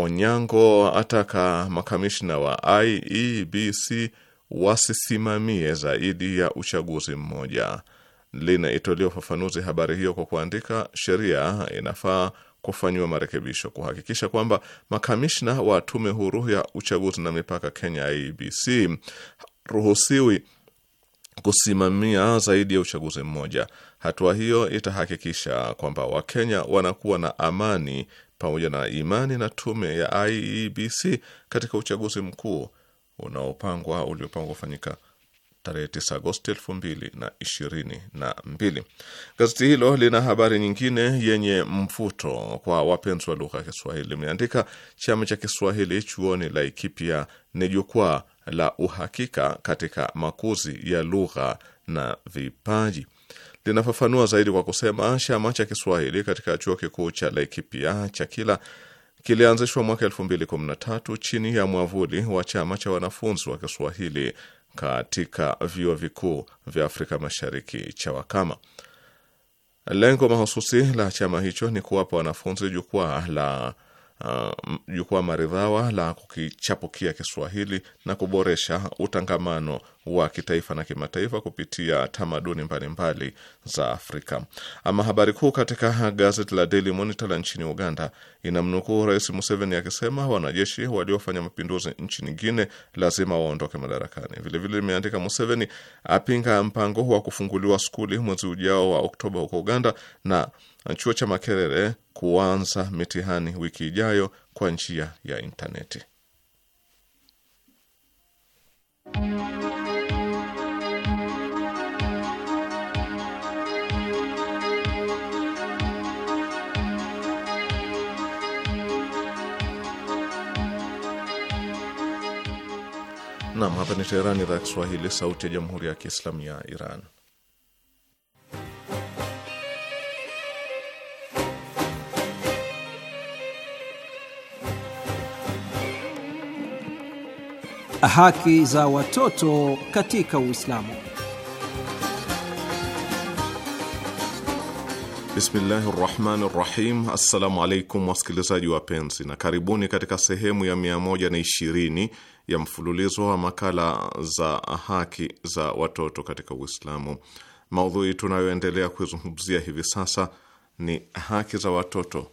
Onyango ataka makamishna wa IEBC wasisimamie zaidi ya uchaguzi mmoja. Linaitolea ufafanuzi habari hiyo kwa kuandika, sheria inafaa kufanyiwa marekebisho kuhakikisha kwamba makamishna wa tume huru ya uchaguzi na mipaka Kenya IEBC ruhusiwi kusimamia zaidi ya uchaguzi mmoja. Hatua hiyo itahakikisha kwamba Wakenya wanakuwa na amani pamoja na imani na tume ya IEBC katika uchaguzi mkuu unaopangwa uliopangwa kufanyika tarehe 9 Agosti elfu mbili na ishirini na mbili. Gazeti hilo lina habari nyingine yenye mvuto kwa wapenzi wa lugha ya Kiswahili. Limeandika chama cha Kiswahili chuoni Laikipia ni jukwaa la uhakika katika makuzi ya lugha na vipaji linafafanua zaidi kwa kusema chama cha Kiswahili katika chuo kikuu cha Laikipia cha kila kilianzishwa mwaka tatu chini ya mwavuli wa chama cha wanafunzi wa Kiswahili katika vyuo vikuu vya Afrika Mashariki cha Wakama. Lengo mahususi la chama hicho ni kuwapa wanafunzi jukwaa la Uh, jukwaa uh, maridhawa la kukichapukia Kiswahili na kuboresha utangamano wa kitaifa na kimataifa kupitia tamaduni mbalimbali mbali za Afrika. Ama habari kuu katika gazeti la Daily Monitor la nchini Uganda inamnukuu Rais Museveni akisema wanajeshi waliofanya mapinduzi nchi nyingine lazima waondoke madarakani. Vilevile limeandika vile Museveni apinga mpango wa kufunguliwa skuli mwezi ujao wa Oktoba huko Uganda na chuo cha Makerere kuanza mitihani wiki ijayo kwa njia ya intaneti. Nam, hapa ni Teherani, idhaa ya Kiswahili, sauti ya jamhuri ya kiislamu ya Iran. Haki za watoto katika Uislamu. Bismillahi rahmani rahim. Assalamu alaikum wasikilizaji wapenzi, na karibuni katika sehemu ya 120 ya mfululizo wa makala za haki za watoto katika Uislamu. Maudhui tunayoendelea kuizungumzia hivi sasa ni haki za watoto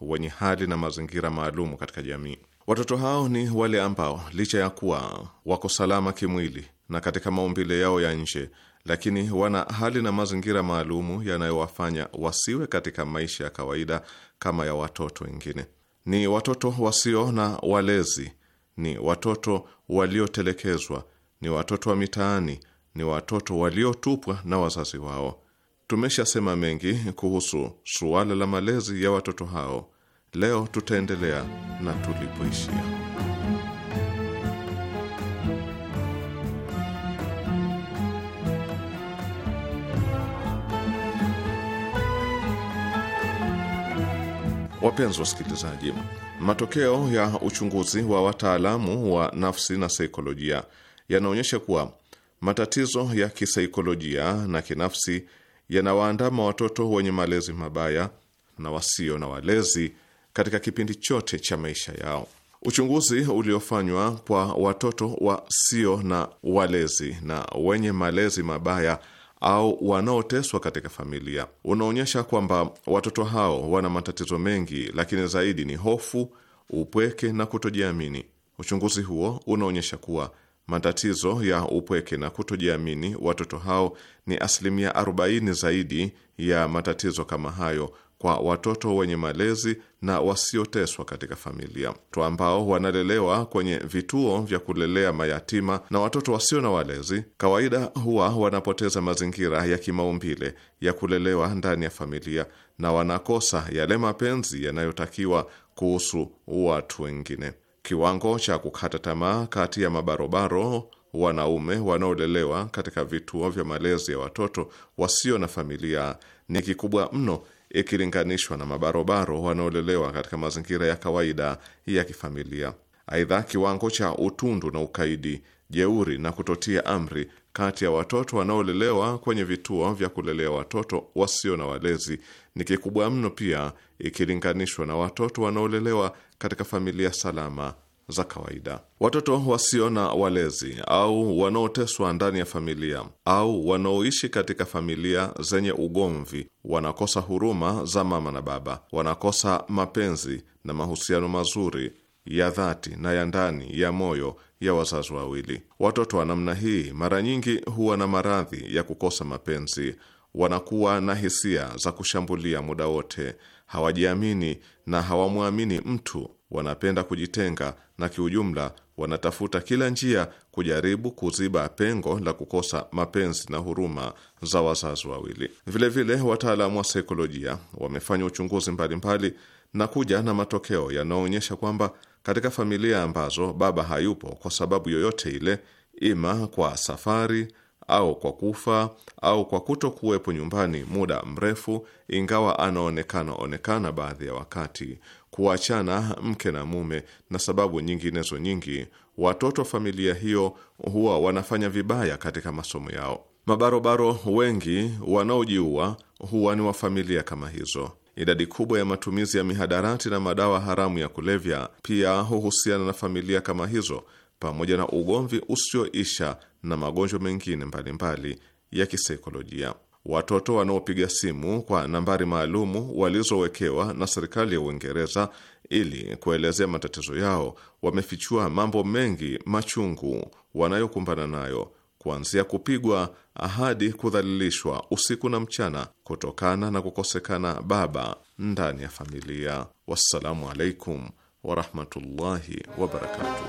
wenye hali na mazingira maalumu katika jamii. Watoto hao ni wale ambao licha ya kuwa wako salama kimwili na katika maumbile yao ya nje, lakini wana hali na mazingira maalumu yanayowafanya wasiwe katika maisha ya kawaida kama ya watoto wengine. Ni watoto wasio na walezi, ni watoto waliotelekezwa, ni watoto wa mitaani, ni watoto waliotupwa na wazazi wao. Tumeshasema mengi kuhusu suala la malezi ya watoto hao Leo tutaendelea na tulipoishia. Wapenzi wasikilizaji, matokeo ya uchunguzi wa wataalamu wa nafsi na saikolojia yanaonyesha kuwa matatizo ya kisaikolojia na kinafsi yanawaandama watoto wenye malezi mabaya na wasio na walezi katika kipindi chote cha maisha yao. Uchunguzi uliofanywa kwa watoto wasio na walezi na wenye malezi mabaya au wanaoteswa katika familia unaonyesha kwamba watoto hao wana matatizo mengi, lakini zaidi ni hofu, upweke na kutojiamini. Uchunguzi huo unaonyesha kuwa matatizo ya upweke na kutojiamini watoto hao ni asilimia 40 zaidi ya matatizo kama hayo kwa watoto wenye malezi na wasioteswa katika familia, watu ambao wanalelewa kwenye vituo vya kulelea mayatima na watoto wasio na walezi, kawaida huwa wanapoteza mazingira ya kimaumbile ya kulelewa ndani ya familia na wanakosa yale mapenzi yanayotakiwa kuhusu watu wengine. Kiwango cha kukata tamaa kati ya mabarobaro wanaume wanaolelewa katika vituo vya malezi ya watoto wasio na familia ni kikubwa mno ikilinganishwa na mabarobaro wanaolelewa katika mazingira ya kawaida ya kifamilia. Aidha, kiwango cha utundu na ukaidi, jeuri na kutotia amri kati ya watoto wanaolelewa kwenye vituo vya kulelea watoto wasio na walezi ni kikubwa mno pia ikilinganishwa na watoto wanaolelewa katika familia salama za kawaida. Watoto wasio na walezi au wanaoteswa ndani ya familia au wanaoishi katika familia zenye ugomvi wanakosa huruma za mama na baba, wanakosa mapenzi na mahusiano mazuri ya dhati na ya ndani ya moyo ya wazazi wawili. Watoto wa namna hii mara nyingi huwa na maradhi ya kukosa mapenzi, wanakuwa na hisia za kushambulia muda wote, hawajiamini na hawamwamini mtu wanapenda kujitenga na kiujumla wanatafuta kila njia kujaribu kuziba pengo la kukosa mapenzi na huruma za wazazi wawili. Vilevile, wataalamu wa saikolojia wamefanya uchunguzi mbalimbali mbali na kuja na matokeo yanayoonyesha kwamba katika familia ambazo baba hayupo kwa sababu yoyote ile, ima kwa safari au kwa kufa au kwa kutokuwepo nyumbani muda mrefu, ingawa anaonekana onekana baadhi ya wakati, kuachana mke na mume na sababu nyinginezo nyingi, watoto familia hiyo huwa wanafanya vibaya katika masomo yao. Mabarobaro wengi wanaojiua huwa ni wa familia kama hizo. Idadi kubwa ya matumizi ya mihadarati na madawa haramu ya kulevya pia huhusiana na familia kama hizo pamoja na ugomvi usioisha na magonjwa mengine mbalimbali ya kisaikolojia. Watoto wanaopiga simu kwa nambari maalumu walizowekewa na serikali ya Uingereza ili kuelezea matatizo yao wamefichua mambo mengi machungu wanayokumbana nayo, kuanzia kupigwa hadi kudhalilishwa usiku na mchana kutokana na kukosekana baba ndani ya familia. Wassalamu alaikum wa rahmatullahi wa barakatuh.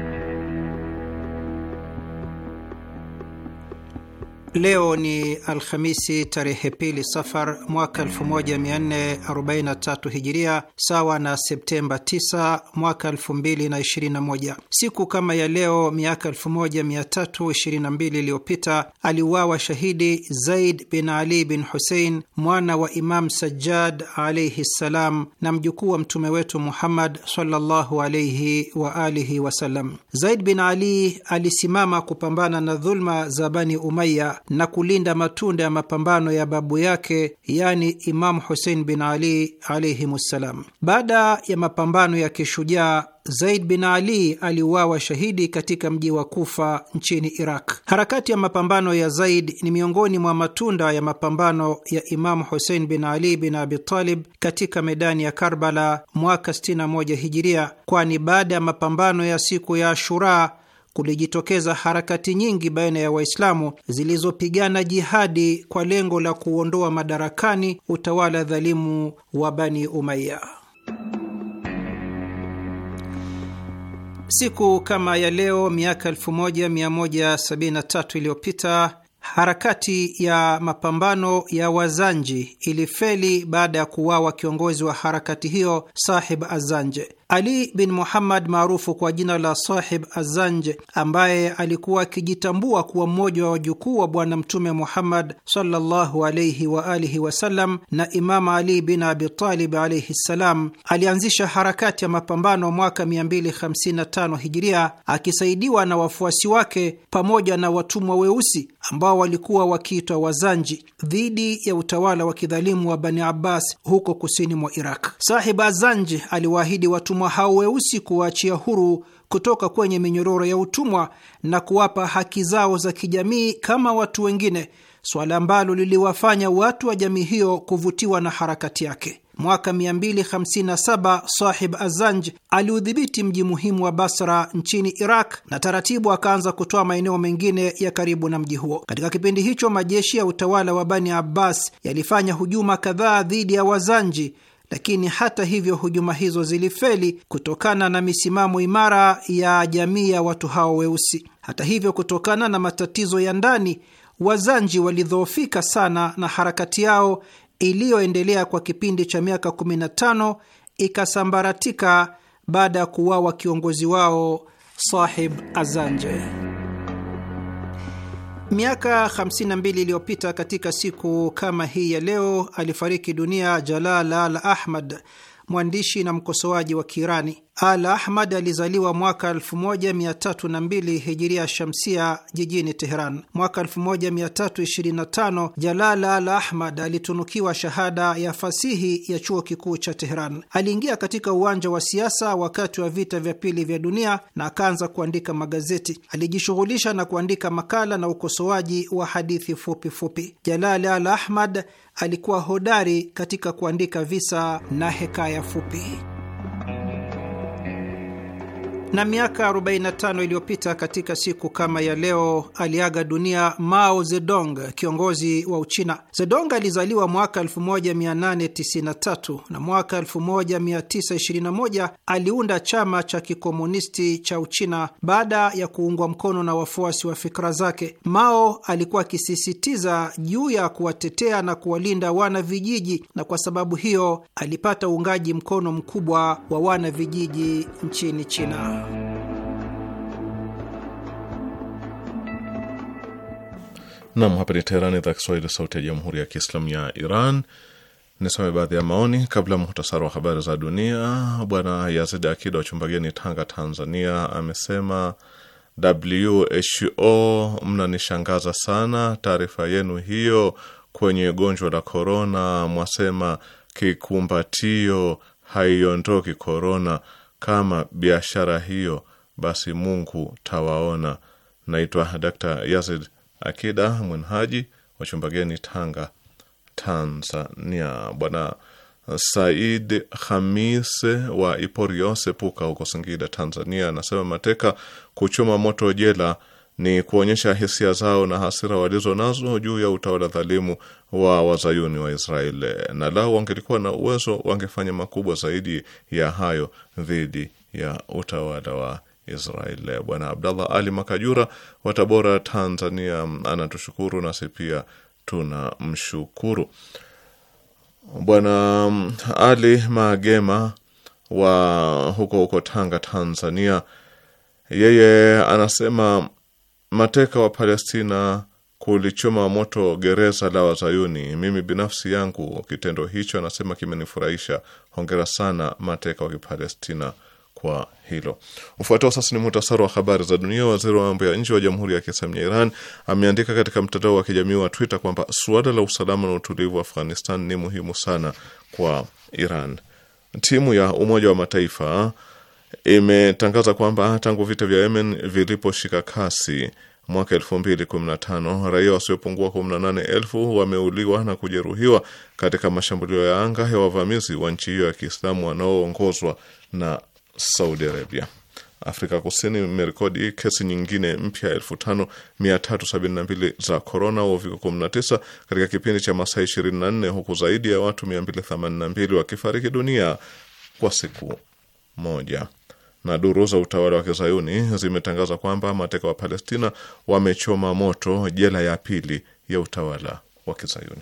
Leo ni Alhamisi tarehe pili Safar mwaka 1443 Hijiria, sawa na Septemba 9 mwaka 2021. Siku kama ya leo miaka 1322 iliyopita aliuawa shahidi Zaid bin Ali bin Hussein, mwana wa Imam Sajjad alaihi ssalam, na mjukuu wa mtume wetu Muhammad sallallahu alaihi wa alihi wasallam. Zaid bin Ali alisimama kupambana na dhulma za Bani Umaya na kulinda matunda ya mapambano ya babu yake, yani Imamu Husein bin Ali alaihimussalam. Baada ya mapambano ya kishujaa Zaid bin Ali aliuawa shahidi katika mji wa Kufa nchini Iraq. Harakati ya mapambano ya Zaid ni miongoni mwa matunda ya mapambano ya Imamu Husein bin Ali bin Abi Talib katika medani ya Karbala mwaka 61 Hijiria, kwani baada ya mapambano ya siku ya Ashura kulijitokeza harakati nyingi baina ya Waislamu zilizopigana jihadi kwa lengo la kuondoa madarakani utawala dhalimu wa Bani Umaya. Siku kama ya leo miaka 1173 iliyopita harakati ya mapambano ya Wazanji ilifeli baada ya kuwawa kiongozi wa harakati hiyo Sahib Azanje. Ali bin Muhammad maarufu kwa jina la Sahib Azanj, ambaye alikuwa akijitambua kuwa mmoja wa wajukuu wa Bwana Mtume Muhammad sallallahu alaihi wa alihi wasallam na Imam Ali bin Abitalib alaihi ssalam, alianzisha harakati ya mapambano mwaka 255 Hijiria, akisaidiwa na wafuasi wake pamoja na watumwa weusi ambao walikuwa wakiitwa Wazanji dhidi ya utawala wa kidhalimu wa Bani Abbas huko kusini mwa Iraq. Sahib Azanj aliwaahidi watumwa watumwa hao weusi kuwaachia huru kutoka kwenye minyororo ya utumwa na kuwapa haki zao za kijamii kama watu wengine, suala ambalo liliwafanya watu wa jamii hiyo kuvutiwa na harakati yake. Mwaka 257 Sahib Azanj aliudhibiti mji muhimu wa Basra nchini Iraq na taratibu akaanza kutoa maeneo mengine ya karibu na mji huo. Katika kipindi hicho, majeshi ya utawala wa Bani Abbas yalifanya hujuma kadhaa dhidi ya Wazanji lakini hata hivyo hujuma hizo zilifeli kutokana na misimamo imara ya jamii ya watu hao weusi. Hata hivyo, kutokana na matatizo ya ndani, Wazanji walidhoofika sana na harakati yao iliyoendelea kwa kipindi cha miaka 15 ikasambaratika baada ya kuuawa kiongozi wao Sahib Azanje. Miaka 52 iliyopita katika siku kama hii ya leo alifariki dunia Jalal al Ahmad, mwandishi na mkosoaji wa Kiirani. Al Ahmad alizaliwa mwaka 1302 hijiria shamsia jijini Teheran. Mwaka 1325 Jalal Al Ahmad alitunukiwa shahada ya fasihi ya chuo kikuu cha Teheran. Aliingia katika uwanja wa siasa wakati wa vita vya pili vya dunia na akaanza kuandika magazeti. Alijishughulisha na kuandika makala na ukosoaji wa hadithi fupi fupi. Jalal Al Ahmad alikuwa hodari katika kuandika visa na hekaya fupi. Na miaka 45 iliyopita katika siku kama ya leo aliaga dunia Mao Zedong, kiongozi wa Uchina. Zedong alizaliwa mwaka 1893 na mwaka 1921 aliunda chama cha kikomunisti cha Uchina baada ya kuungwa mkono na wafuasi wa fikra zake. Mao alikuwa akisisitiza juu ya kuwatetea na kuwalinda wana vijiji, na kwa sababu hiyo alipata uungaji mkono mkubwa wa wana vijiji nchini China. Nam, hapa ni Teherani, idhaa Kiswahili, sauti ya jamhuri ya kiislamu ya Iran. Nisome baadhi ya maoni kabla muhtasari wa habari za dunia. Bwana Yazid Akida wa Chumbageni, Tanga, Tanzania, amesema WHO, mnanishangaza sana taarifa yenu hiyo kwenye gonjwa la korona. Mwasema kikumbatio haiondoki korona. Kama biashara hiyo, basi Mungu tawaona. Naitwa Dr Yazid Akida Mwenhaji wa Chumbageni, Tanga, Tanzania. Bwana Said Hamis wa Iporio Sepuka huko Singida, Tanzania, anasema mateka kuchoma moto jela ni kuonyesha hisia zao na hasira walizo nazo juu ya utawala dhalimu wa wazayuni wa Israeli, na lao wangelikuwa na uwezo wangefanya makubwa zaidi ya hayo dhidi ya utawala wa Israel. Bwana Abdallah Ali Makajura wa Tabora, Tanzania, anatushukuru nasi pia tunamshukuru. Bwana Ali Magema wa huko huko Tanga, Tanzania, yeye anasema mateka wa Palestina kulichoma moto gereza la Wazayuni. Mimi binafsi yangu kitendo hicho, anasema kimenifurahisha. Hongera sana mateka wa Kipalestina kwa hilo. Ufuatao sasa ni muhtasari wa habari za dunia. Waziri wa mambo ya nje wa Jamhuri ya Kiislamu ya Iran ameandika katika mtandao wa kijamii wa Twitter kwamba suala la usalama na utulivu wa Afghanistan ni muhimu sana kwa Iran. Timu ya Umoja wa Mataifa imetangaza kwamba tangu vita vya Yemen viliposhika kasi mwaka tano raia wasiopungua elfu wameuliwa na kujeruhiwa katika mashambulio ya anga ya wavamizi wa nchi hiyo ya Kiislamu wanaoongozwa na Saudi Arabia. Afrika Kusini imerekodi kesi nyingine mpya 5372 za korona au uviko 19 katika kipindi cha masaa 24 huku zaidi ya watu 282 wakifariki dunia kwa siku moja. Na duru za utawala wa kizayuni zimetangaza kwamba mateka wa Palestina wamechoma moto jela ya pili ya utawala wa kizayuni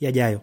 yajayo.